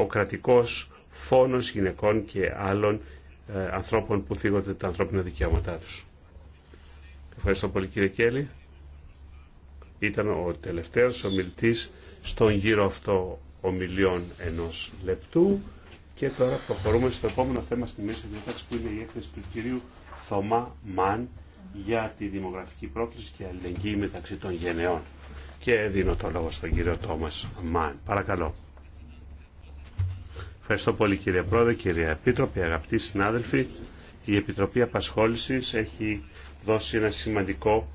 ο κρατικός φόνος γυναικών και άλλων ε, ανθρώπων που θίγονται τα ανθρώπινα δικαιώματά τους. Ευχαριστώ πολύ κύριε Κέλλη. Ήταν ο τελευταίος ομιλητής στον γύρο αυτό ομιλιών ενός λεπτού και τώρα προχωρούμε στο επόμενο θέμα στη μέση διάταξη που είναι η έκθεση του κυρίου Θωμά Μαν για τη δημογραφική πρόκληση και αλληλεγγύη μεταξύ των γενεών. Και δίνω το λόγο στον κύριο Τόμας Μαν. Παρακαλώ. Ευχαριστώ πολύ κύριε Πρόεδρε, κύριε Επίτροπε, αγαπητοί συνάδελφοι. Η Επιτροπή Απασχόλησης έχει δώσει ένα σημαντικό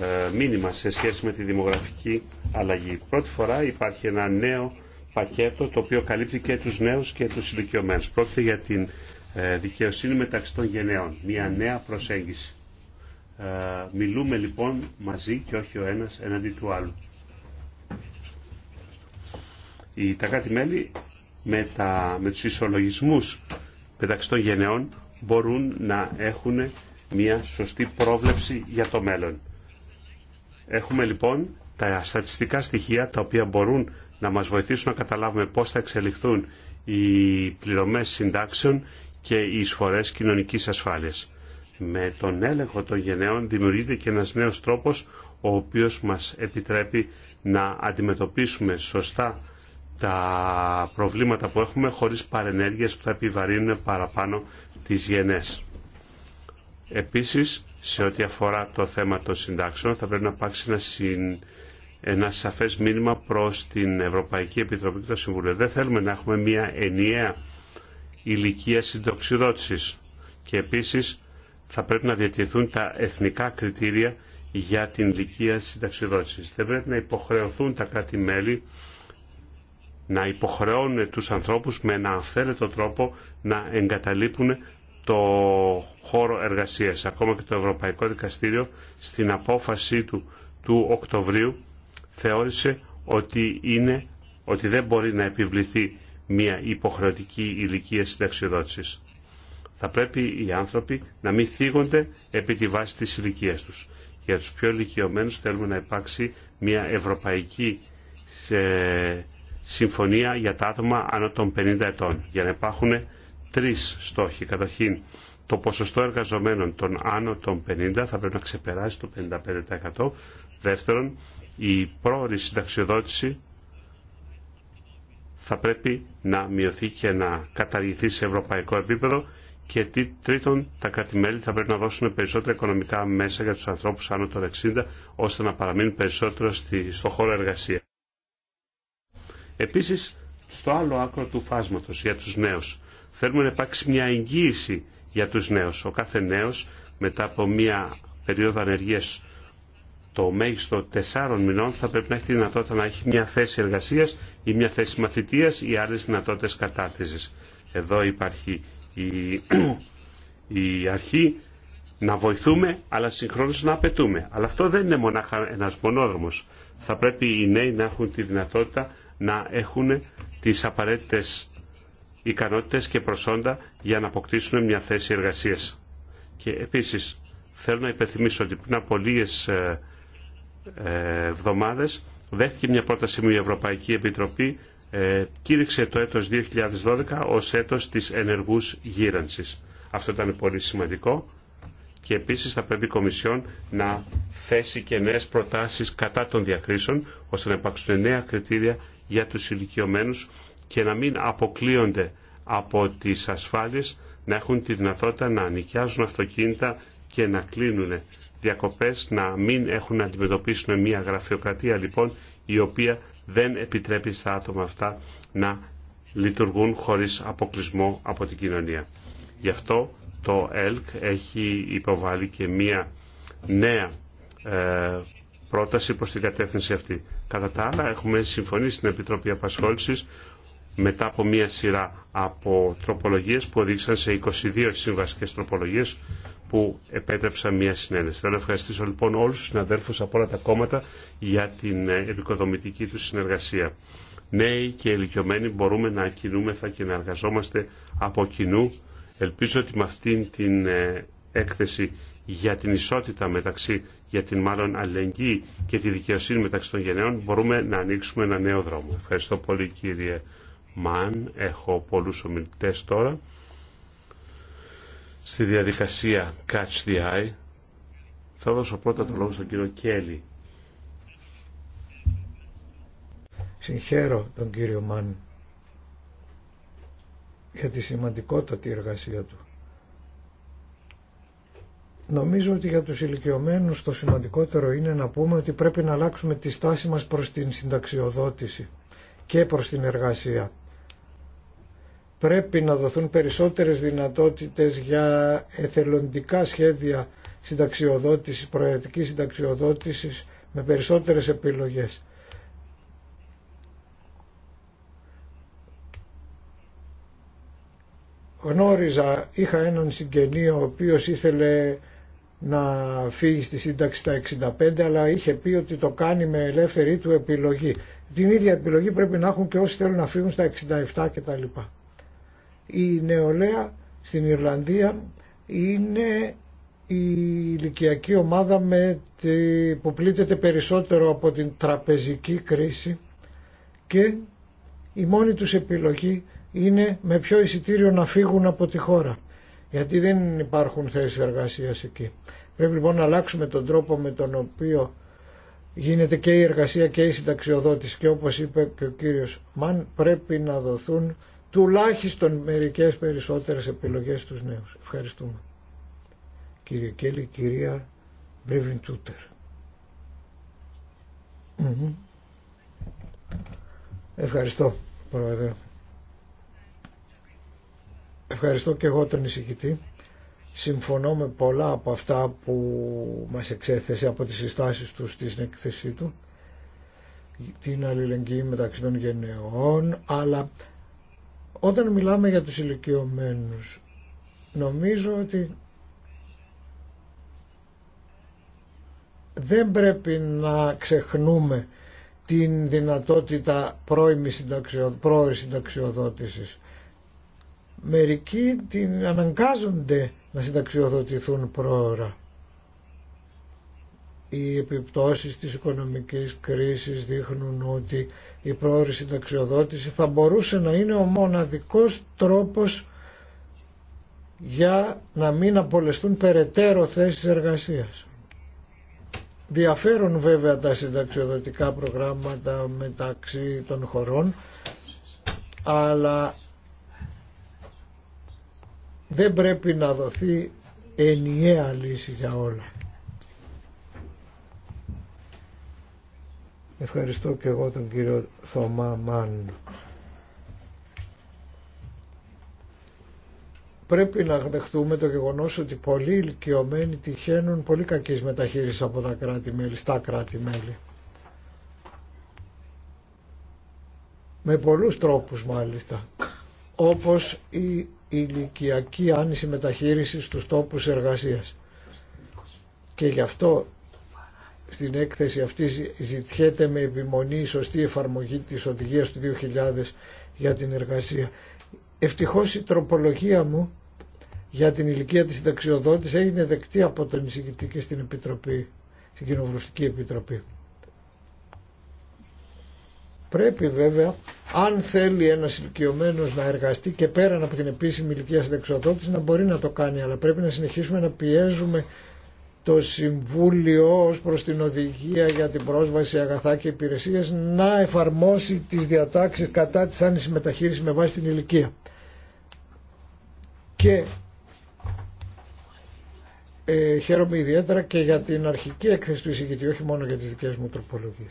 ε, μήνυμα σε σχέση με τη δημογραφική αλλαγή. Πρώτη φορά υπάρχει ένα νέο πακέτο το οποίο καλύπτει και τους νέους και τους ηλικιωμένους. Πρόκειται για την ε, δικαιοσύνη μεταξύ των γενναιών. Μια νέα προσέγγιση. Ε, μιλούμε λοιπόν μαζί και όχι ο ένας εναντί του άλλου. τα μελη με, τα, με τους ισολογισμούς μεταξύ των γενεών μπορούν να έχουν μια σωστή πρόβλεψη για το μέλλον. Έχουμε λοιπόν τα στατιστικά στοιχεία τα οποία μπορούν να μας βοηθήσουν να καταλάβουμε πώς θα εξελιχθούν οι πληρωμές συντάξεων και οι εισφορές κοινωνικής ασφάλειας. Με τον έλεγχο των γενναίων δημιουργείται και ένας νέος τρόπος ο οποίος μας επιτρέπει να αντιμετωπίσουμε σωστά τα προβλήματα που έχουμε χωρίς παρενέργειες που θα επιβαρύνουν παραπάνω τις γενές. Επίσης, σε ό,τι αφορά το θέμα των συντάξεων, θα πρέπει να υπάρξει ένα, ένα σαφές μήνυμα προς την Ευρωπαϊκή Επιτροπή και το Συμβούλιο. Δεν θέλουμε να έχουμε μια ενιαία ηλικία συντοξιδότησης και επίσης θα πρέπει να διατηρηθούν τα εθνικά κριτήρια για την ηλικία συνταξιδότησης. Δεν πρέπει να υποχρεωθούν τα κράτη-μέλη να υποχρεώνουν τους ανθρώπους με ένα αυθαίρετο τρόπο να εγκαταλείπουν το χώρο εργασίας. Ακόμα και το Ευρωπαϊκό Δικαστήριο στην απόφασή του του Οκτωβρίου θεώρησε ότι, είναι, ότι δεν μπορεί να επιβληθεί μια υποχρεωτική ηλικία συνταξιοδότησης. Θα πρέπει οι άνθρωποι να μην θίγονται επί τη βάση της ηλικία τους. Για τους πιο ηλικιωμένους θέλουμε να υπάρξει μια ευρωπαϊκή συμφωνία για τα άτομα άνω των 50 ετών για να υπάρχουν τρεις στόχοι. Καταρχήν, το ποσοστό εργαζομένων των άνω των 50 θα πρέπει να ξεπεράσει το 55%. Δεύτερον, η πρόορη συνταξιοδότηση θα πρέπει να μειωθεί και να καταργηθεί σε ευρωπαϊκό επίπεδο και τρίτον, τα κρατημέλη θα πρέπει να δώσουν περισσότερα οικονομικά μέσα για τους ανθρώπους άνω των 60 ώστε να παραμείνουν περισσότερο στο χώρο εργασία. Επίση, στο άλλο άκρο του φάσματο για του νέου, Θέλουμε να υπάρξει μια εγγύηση για του νέου. Ο κάθε νέο, μετά από μια περίοδο ανεργία το μέγιστο τεσσάρων μηνών θα πρέπει να έχει τη δυνατότητα να έχει μια θέση ή άλλε δυνατότητε κατάτηση. Εδώ υπάρχει ή μια θέση μαθητείας ή αλλε δυνατοτητε κατάρτιση. Εδώ υπάρχει η, η αρχή να βοηθούμε αλλά συγχρόνως να απαιτούμε. Αλλά αυτό δεν είναι μονάχα ένας μονόδρομος. Θα πρέπει οι νέοι να έχουν τη δυνατότητα να έχουν τις απαραίτητες ικανότητες και προσόντα για να αποκτήσουν μια θέση εργασίας. Και επίσης θέλω να υπενθυμίσω ότι πριν από λίγες ε, ε, εβδομάδες δέχτηκε μια πρόταση μου η Ευρωπαϊκή Επιτροπή ε, κήρυξε το έτος 2012 ως έτος της ενεργούς γύρανσης. Αυτό ήταν πολύ σημαντικό και επίσης θα πρέπει η Κομισιόν να θέσει και νέες προτάσεις κατά των διακρίσεων ώστε να υπάρξουν νέα κριτήρια για τους ηλικιωμένου και να μην αποκλείονται από τις ασφάλειες να έχουν τη δυνατότητα να νοικιάζουν αυτοκίνητα και να κλείνουν διακοπές, να μην έχουν να αντιμετωπίσουν μια γραφειοκρατία λοιπόν η οποία δεν επιτρέπει στα άτομα αυτά να λειτουργούν χωρίς αποκλεισμό από την κοινωνία. Γι' αυτό το ΕΛΚ έχει υποβάλει και μία νέα ε, πρόταση προ την κατεύθυνση αυτή. Κατά τα άλλα έχουμε συμφωνήσει στην Επιτροπή Απασχόληση μετά από μία σειρά από τροπολογίε που οδήγησαν σε 22 συμβασικέ τροπολογίε που επέτρεψαν μία συνένεση. Θέλω να ευχαριστήσω λοιπόν όλου του συναδέλφου από όλα τα κόμματα για την ε, επικοδομητική του συνεργασία. Νέοι και ηλικιωμένοι μπορούμε να κινούμεθα και να εργαζόμαστε από κοινού. Ελπίζω ότι με αυτήν την ε, έκθεση για την ισότητα μεταξύ, για την μάλλον αλληλεγγύη και τη δικαιοσύνη μεταξύ των γενναίων, μπορούμε να ανοίξουμε ένα νέο δρόμο. Ευχαριστώ πολύ κύριε Μαν. Έχω πολλούς ομιλητές τώρα. Στη διαδικασία Catch the Eye θα δώσω πρώτα το λόγο στον κύριο Κέλλη. Συγχαίρω τον κύριο Μαν για τη σημαντικότατη εργασία του. Νομίζω ότι για τους ηλικιωμένους το σημαντικότερο είναι να πούμε ότι πρέπει να αλλάξουμε τη στάση μας προς την συνταξιοδότηση και προς την εργασία. Πρέπει να δοθούν περισσότερες δυνατότητες για εθελοντικά σχέδια συνταξιοδότησης, προαιρετικής συνταξιοδότησης με περισσότερες επιλογές. Γνώριζα, είχα έναν συγγενή ο οποίος ήθελε να φύγει στη σύνταξη στα 65 αλλά είχε πει ότι το κάνει με ελεύθερη του επιλογή. Την ίδια επιλογή πρέπει να έχουν και όσοι θέλουν να φύγουν στα 67 κτλ. Η νεολαία στην Ιρλανδία είναι η ηλικιακή ομάδα με τη, που πλήττεται περισσότερο από την τραπεζική κρίση και η μόνη τους επιλογή είναι με ποιο εισιτήριο να φύγουν από τη χώρα γιατί δεν υπάρχουν θέσεις εργασίας εκεί. Πρέπει λοιπόν να αλλάξουμε τον τρόπο με τον οποίο γίνεται και η εργασία και η συνταξιοδότηση και όπως είπε και ο κύριος Μαν πρέπει να δοθούν τουλάχιστον μερικές περισσότερες επιλογές στους νέους. Ευχαριστούμε. Κύριε Κέλλη, κυρία Μπρίβιν Τσούτερ. Ευχαριστώ, Πρόεδρε. Ευχαριστώ και εγώ τον εισηγητή. Συμφωνώ με πολλά από αυτά που μας εξέθεσε από τις συστάσεις του στην εκθεσή του την αλληλεγγύη μεταξύ των γενεών αλλά όταν μιλάμε για τους ηλικιωμένου, νομίζω ότι δεν πρέπει να ξεχνούμε την δυνατότητα πρώιμης συνταξιοδότησης μερικοί την αναγκάζονται να συνταξιοδοτηθούν πρόωρα. Οι επιπτώσεις της οικονομικής κρίσης δείχνουν ότι η πρόωρη συνταξιοδότηση θα μπορούσε να είναι ο μοναδικός τρόπος για να μην απολεστούν περαιτέρω θέσεις εργασίας. Διαφέρουν βέβαια τα συνταξιοδοτικά προγράμματα μεταξύ των χωρών, αλλά δεν πρέπει να δοθεί ενιαία λύση για όλα. Ευχαριστώ και εγώ τον κύριο Θωμά Μάν. Πρέπει να δεχτούμε το γεγονός ότι πολλοί ηλικιωμένοι τυχαίνουν πολύ κακής μεταχείρισης από τα κράτη-μέλη, στα κράτη-μέλη. Με πολλούς τρόπους μάλιστα, όπως η ηλικιακή άνηση μεταχείρισης στους τόπους εργασίας. Και γι' αυτό στην έκθεση αυτή ζητιέται με επιμονή η σωστή εφαρμογή της οδηγίας του 2000 για την εργασία. Ευτυχώς η τροπολογία μου για την ηλικία της συνταξιοδότης έγινε δεκτή από τον εισηγητή και στην Επιτροπή, στην Κοινοβουλευτική Επιτροπή. Πρέπει βέβαια, αν θέλει ένα ηλικιωμένο να εργαστεί και πέραν από την επίσημη ηλικία συνταξιοδότηση, να μπορεί να το κάνει. Αλλά πρέπει να συνεχίσουμε να πιέζουμε το Συμβούλιο ως προς την οδηγία για την πρόσβαση αγαθά και υπηρεσίες να εφαρμόσει τις διατάξεις κατά της άνηση μεταχείρισης με βάση την ηλικία. Και ε, χαίρομαι ιδιαίτερα και για την αρχική έκθεση του εισηγητή, όχι μόνο για τις δικές μου τροπολογίες.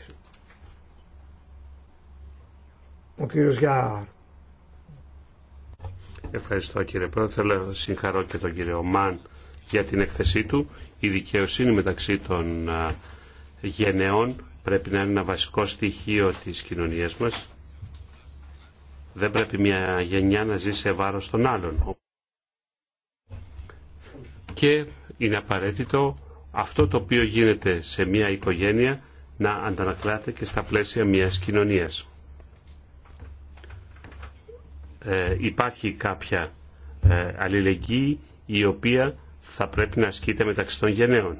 Ο κύριος Γιάρ. Ευχαριστώ κύριε Πρόεδρε. Θέλω να συγχαρώ και τον κύριο Μαν για την έκθεσή του. Η δικαιοσύνη μεταξύ των γενεών πρέπει να είναι ένα βασικό στοιχείο της κοινωνίας μας. Δεν πρέπει μια γενιά να ζει σε βάρος των άλλων. Και είναι απαραίτητο αυτό το οποίο γίνεται σε μια οικογένεια να αντανακλάται και στα πλαίσια μιας κοινωνίας. Ε, υπάρχει κάποια ε, αλληλεγγύη η οποία θα πρέπει να ασκείται μεταξύ των γενναίων.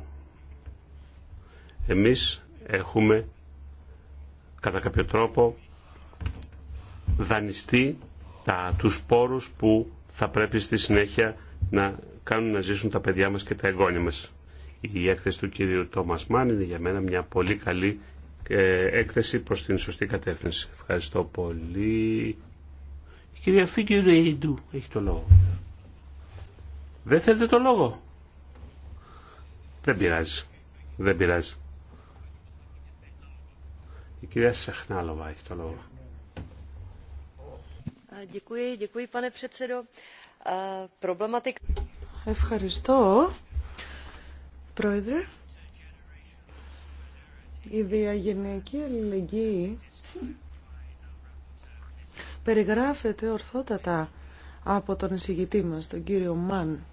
Εμείς έχουμε κατά κάποιο τρόπο δανειστεί τα, τους πόρους που θα πρέπει στη συνέχεια να κάνουν να ζήσουν τα παιδιά μας και τα εγγόνια μας. Η έκθεση του κύριου Τόμας Μάν είναι για μένα μια πολύ καλή ε, έκθεση προς την σωστή κατεύθυνση. Ευχαριστώ πολύ. Η κυρία Ρέιντου έχει το λόγο. Δεν θέλετε το λόγο. Δεν πειράζει. Δεν πειράζει. Η κυρία Σαχνάλοβα έχει το λόγο. Ε, Ευχαριστώ, Πρόεδρε. Η διαγενειακή αλληλεγγύη περιγράφεται ορθότατα από τον εισηγητή μας, τον κύριο Μαν.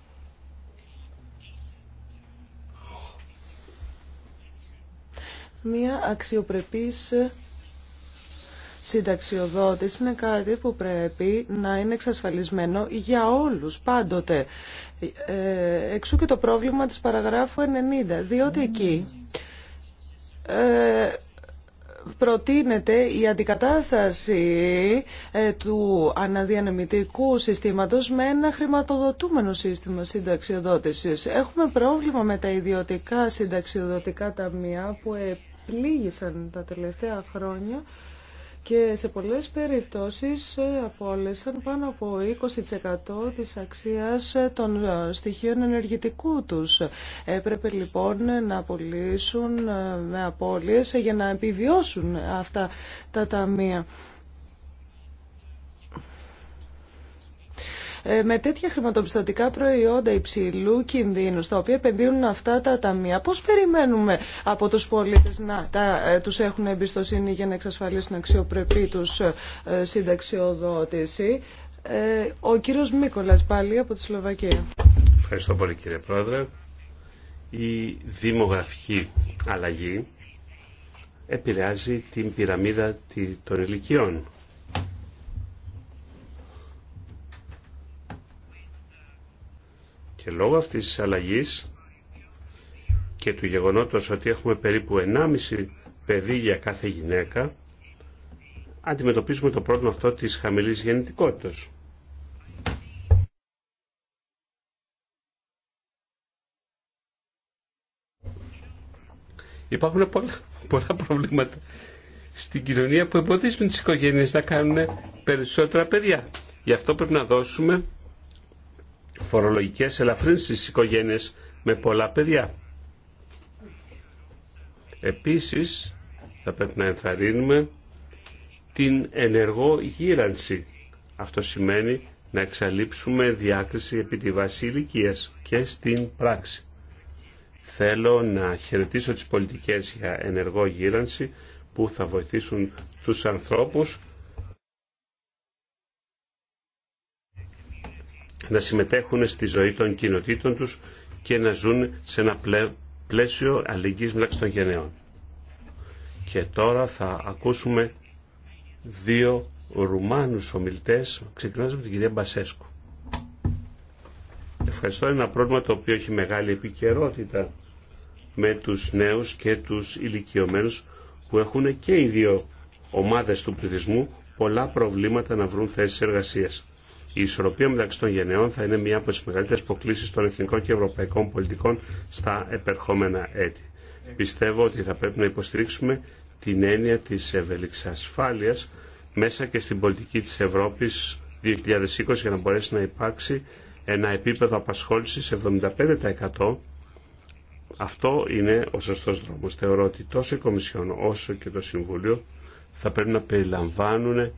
Μία αξιοπρεπής συνταξιοδότηση είναι κάτι που πρέπει να είναι εξασφαλισμένο για όλους πάντοτε. Ε, εξού και το πρόβλημα της παραγράφου 90, διότι εκεί ε, προτείνεται η αντικατάσταση ε, του αναδιανεμητικού συστήματος με ένα χρηματοδοτούμενο σύστημα συνταξιοδότησης. Έχουμε πρόβλημα με τα ιδιωτικά συνταξιοδοτικά ταμεία που επλήγησαν τα τελευταία χρόνια και σε πολλές περιπτώσεις ε, απόλυσαν πάνω από 20% της αξίας ε, των ε, στοιχείων ενεργητικού τους. Έπρεπε λοιπόν να απολύσουν με απώλειες για να επιβιώσουν αυτά τα ταμεία. Ε, με τέτοια χρηματοπιστωτικά προϊόντα υψηλού κινδύνου, στα οποία επενδύουν αυτά τα ταμεία, πώ περιμένουμε από του πολίτε να ε, του έχουν εμπιστοσύνη για να εξασφαλίσουν αξιοπρεπή του ε, συνταξιοδότηση. Ο κύριος Μίκολας πάλι από τη Σλοβακία. Ευχαριστώ πολύ κύριε Πρόεδρε. Η δημογραφική αλλαγή επηρεάζει την πυραμίδα των ηλικιών. Και λόγω αυτής της αλλαγής και του γεγονότος ότι έχουμε περίπου 1,5 παιδί για κάθε γυναίκα, αντιμετωπίζουμε το πρόβλημα αυτό της χαμηλής γεννητικότητας. Υπάρχουν πολλά, πολλά προβλήματα στην κοινωνία που εμποδίζουν τις οικογένειες να κάνουν περισσότερα παιδιά. Γι' αυτό πρέπει να δώσουμε φορολογικές ελαφρύνσεις στις οικογένειες με πολλά παιδιά. Επίσης, θα πρέπει να ενθαρρύνουμε την ενεργό γύρανση. Αυτό σημαίνει να εξαλείψουμε διάκριση επί τη βάση ηλικία και στην πράξη. Θέλω να χαιρετήσω τις πολιτικές για ενεργό γύρανση που θα βοηθήσουν τους ανθρώπους να συμμετέχουν στη ζωή των κοινοτήτων τους και να ζουν σε ένα πλαίσιο αλληλεγγύης μεταξύ των γενναίων. Και τώρα θα ακούσουμε δύο Ρουμάνους ομιλητές, ξεκινώντας με την κυρία Μπασέσκου. Ευχαριστώ. Είναι ένα πρόβλημα το οποίο έχει μεγάλη επικαιρότητα με τους νέους και τους ηλικιωμένους που έχουν και οι δύο ομάδες του πληθυσμού πολλά προβλήματα να βρουν θέσεις εργασίας. Η ισορροπία μεταξύ των γενεών θα είναι μία από τις μεγαλύτερες προκλήσεις των εθνικών και ευρωπαϊκών πολιτικών στα επερχόμενα έτη. Πιστεύω ότι θα πρέπει να υποστηρίξουμε την έννοια τη ασφάλειας μέσα και στην πολιτική της Ευρώπης 2020 για να μπορέσει να υπάρξει ένα επίπεδο απασχόλησης 75%. Αυτό είναι ο σωστός δρόμος. Θεωρώ ότι τόσο η Κομισιόν όσο και το Συμβούλιο θα πρέπει να περιλαμβάνουν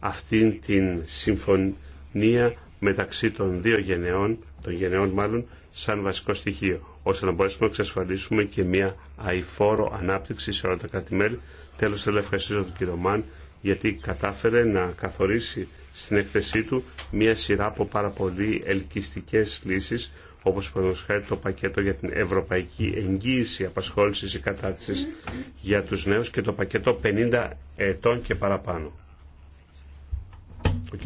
αυτήν την συμφωνία μεταξύ των δύο γενεών, των γενεών μάλλον, σαν βασικό στοιχείο, ώστε να μπορέσουμε να εξασφαλίσουμε και μια αηφόρο ανάπτυξη σε όλα τα κράτη-μέλη. Τέλο, θέλω να ευχαριστήσω τον κύριο Μαν, γιατί κατάφερε να καθορίσει στην έκθεσή του μια σειρά από πάρα πολύ ελκυστικέ λύσει, όπω παραδείγματο το πακέτο για την ευρωπαϊκή εγγύηση απασχόληση ή κατάρτιση mm-hmm. για του νέου και το πακέτο 50 ετών και παραπάνω. Ο κ.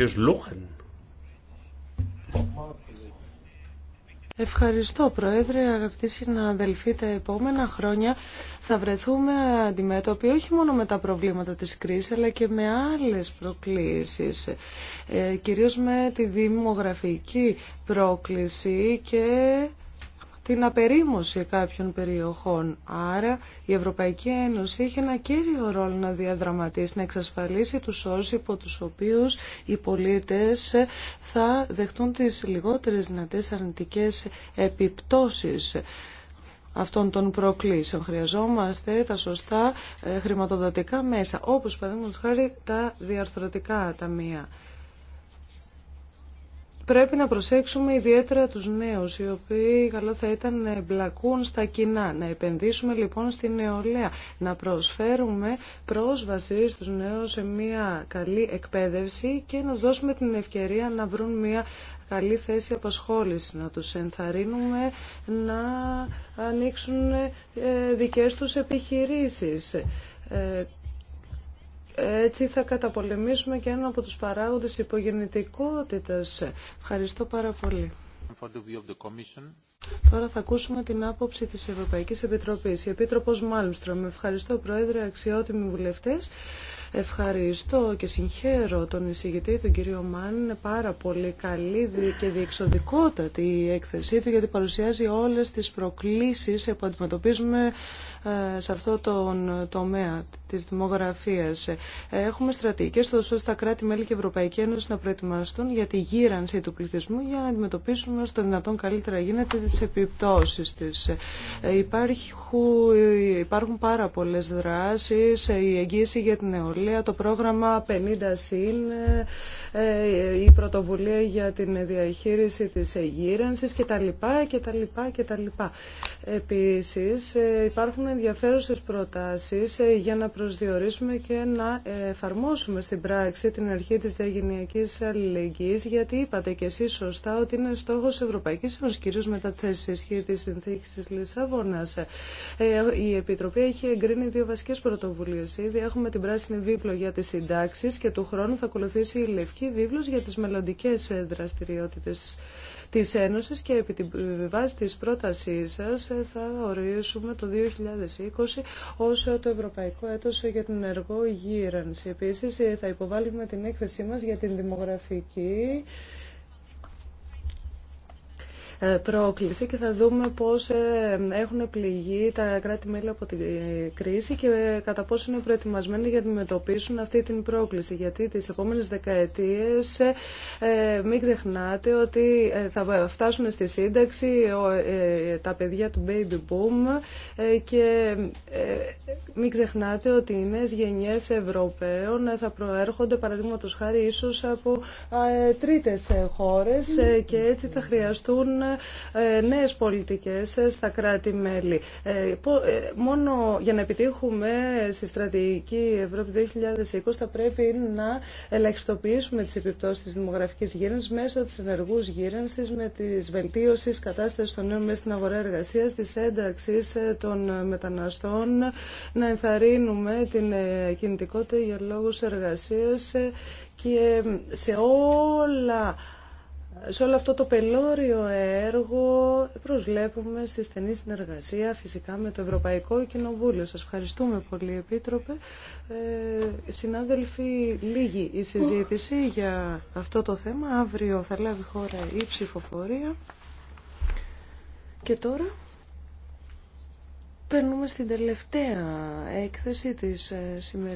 Ευχαριστώ Πρόεδρε, αγαπητοί συναδελφοί, τα επόμενα χρόνια θα βρεθούμε αντιμέτωποι όχι μόνο με τα προβλήματα της κρίσης αλλά και με άλλες προκλήσεις, ε, κυρίως με τη δημογραφική πρόκληση και την απερίμωση κάποιων περιοχών. Άρα η Ευρωπαϊκή Ένωση έχει ένα κύριο ρόλο να διαδραματίσει, να εξασφαλίσει τους όρους υπό τους οποίους οι πολίτες θα δεχτούν τις λιγότερες δυνατές αρνητικές επιπτώσεις αυτών των προκλήσεων. Χρειαζόμαστε τα σωστά ε, χρηματοδοτικά μέσα, όπως παραδείγματος χάρη τα διαρθρωτικά ταμεία. Πρέπει να προσέξουμε ιδιαίτερα τους νέους, οι οποίοι καλό θα ήταν να εμπλακούν στα κοινά. Να επενδύσουμε λοιπόν στη νεολαία, να προσφέρουμε πρόσβαση στους νέους σε μια καλή εκπαίδευση και να δώσουμε την ευκαιρία να βρουν μια καλή θέση απασχόληση, να τους ενθαρρύνουμε να ανοίξουν ε, δικές τους επιχειρήσεις ε, έτσι θα καταπολεμήσουμε και ένα από τους παράγοντες υπογεννητικότητας. Ευχαριστώ πάρα πολύ. Τώρα θα ακούσουμε την άποψη της Ευρωπαϊκής Επιτροπής. Η Επίτροπος Μάλμστρομ. Ευχαριστώ Πρόεδρε, αξιότιμοι βουλευτές. Ευχαριστώ και συγχαίρω τον εισηγητή, τον κύριο Μάν. Είναι πάρα πολύ καλή και διεξοδικότατη η έκθεσή του γιατί παρουσιάζει όλες τις προκλήσεις που αντιμετωπίζουμε ε, σε αυτό το τομέα της δημογραφίας. Ε, έχουμε στρατηγικές τόσο ώστε τα κράτη-μέλη και η Ευρωπαϊκή Ένωση να προετοιμαστούν για τη γύρανση του πληθυσμού για να αντιμετωπίσουμε όσο το δυνατόν καλύτερα γίνεται τις επιπτώσεις της. Ε, υπάρχουν, πάρα πολλές δράσεις, η εγγύηση για την νεολαία, το πρόγραμμα 50 συν, η πρωτοβουλία για την διαχείριση της γύρανσης κτλ. κτλ. Επίσης υπάρχουν ενδιαφέρουσες προτάσεις ε, για να προσδιορίσουμε και να εφαρμόσουμε στην πράξη την αρχή της διαγενειακής αλληλεγγύης, γιατί είπατε και εσείς σωστά ότι είναι στόχος Ευρωπαϊκής Ένωσης, κυρίως μετά τη θέση ισχύ της συνθήκης της Λισαβόνας. Ε, η Επιτροπή έχει εγκρίνει δύο βασικές πρωτοβουλίες. Ήδη έχουμε την πράσινη βίπλο για τις συντάξεις και του χρόνου θα ακολουθήσει η λευκή βίπλος για τις μελλοντικέ δραστηριότητες τη Ένωσης και επί τη βάση της πρότασής θα ορίσουμε το 2020 ως το Ευρωπαϊκό Έτος για την Ενεργό Γύρανση. Επίσης θα υποβάλουμε την έκθεσή μας για την δημογραφική ε, πρόκληση και θα δούμε πώς ε, έχουν πληγεί τα κράτη-μέλη από την ε, κρίση και κατά πόσο είναι προετοιμασμένοι για να αντιμετωπίσουν αυτή την πρόκληση. Γιατί τις επόμενες δεκαετίες μην ξεχνάτε ότι θα φτάσουν στη σύνταξη τα παιδιά του baby boom και μην ξεχνάτε ότι οι νέες γενιές Ευρωπαίων θα προέρχονται παραδείγματος χάρη ίσως από τρίτες χώρες και έτσι θα χρειαστούν ε, νέες πολιτικές ε, στα κράτη-μέλη. Ε, μόνο για να επιτύχουμε στη στρατηγική Ευρώπη 2020 θα πρέπει να ελαχιστοποιήσουμε τις επιπτώσεις της δημογραφικής γύρανσης μέσω της ενεργούς γύρανσης με της βελτίωσης κατάστασης των νέων μέσα στην αγορά εργασίας, της ένταξης των μεταναστών, να ενθαρρύνουμε την κινητικότητα για λόγους εργασίας και σε όλα σε όλο αυτό το πελώριο έργο προσβλέπουμε στη στενή συνεργασία φυσικά με το Ευρωπαϊκό Κοινοβούλιο. Σας ευχαριστούμε πολύ Επίτροπε. Ε, συνάδελφοι, λίγη η συζήτηση για αυτό το θέμα. Αύριο θα λάβει χώρα η ψηφοφορία. Και τώρα περνούμε στην τελευταία έκθεση της ε, σημερινής.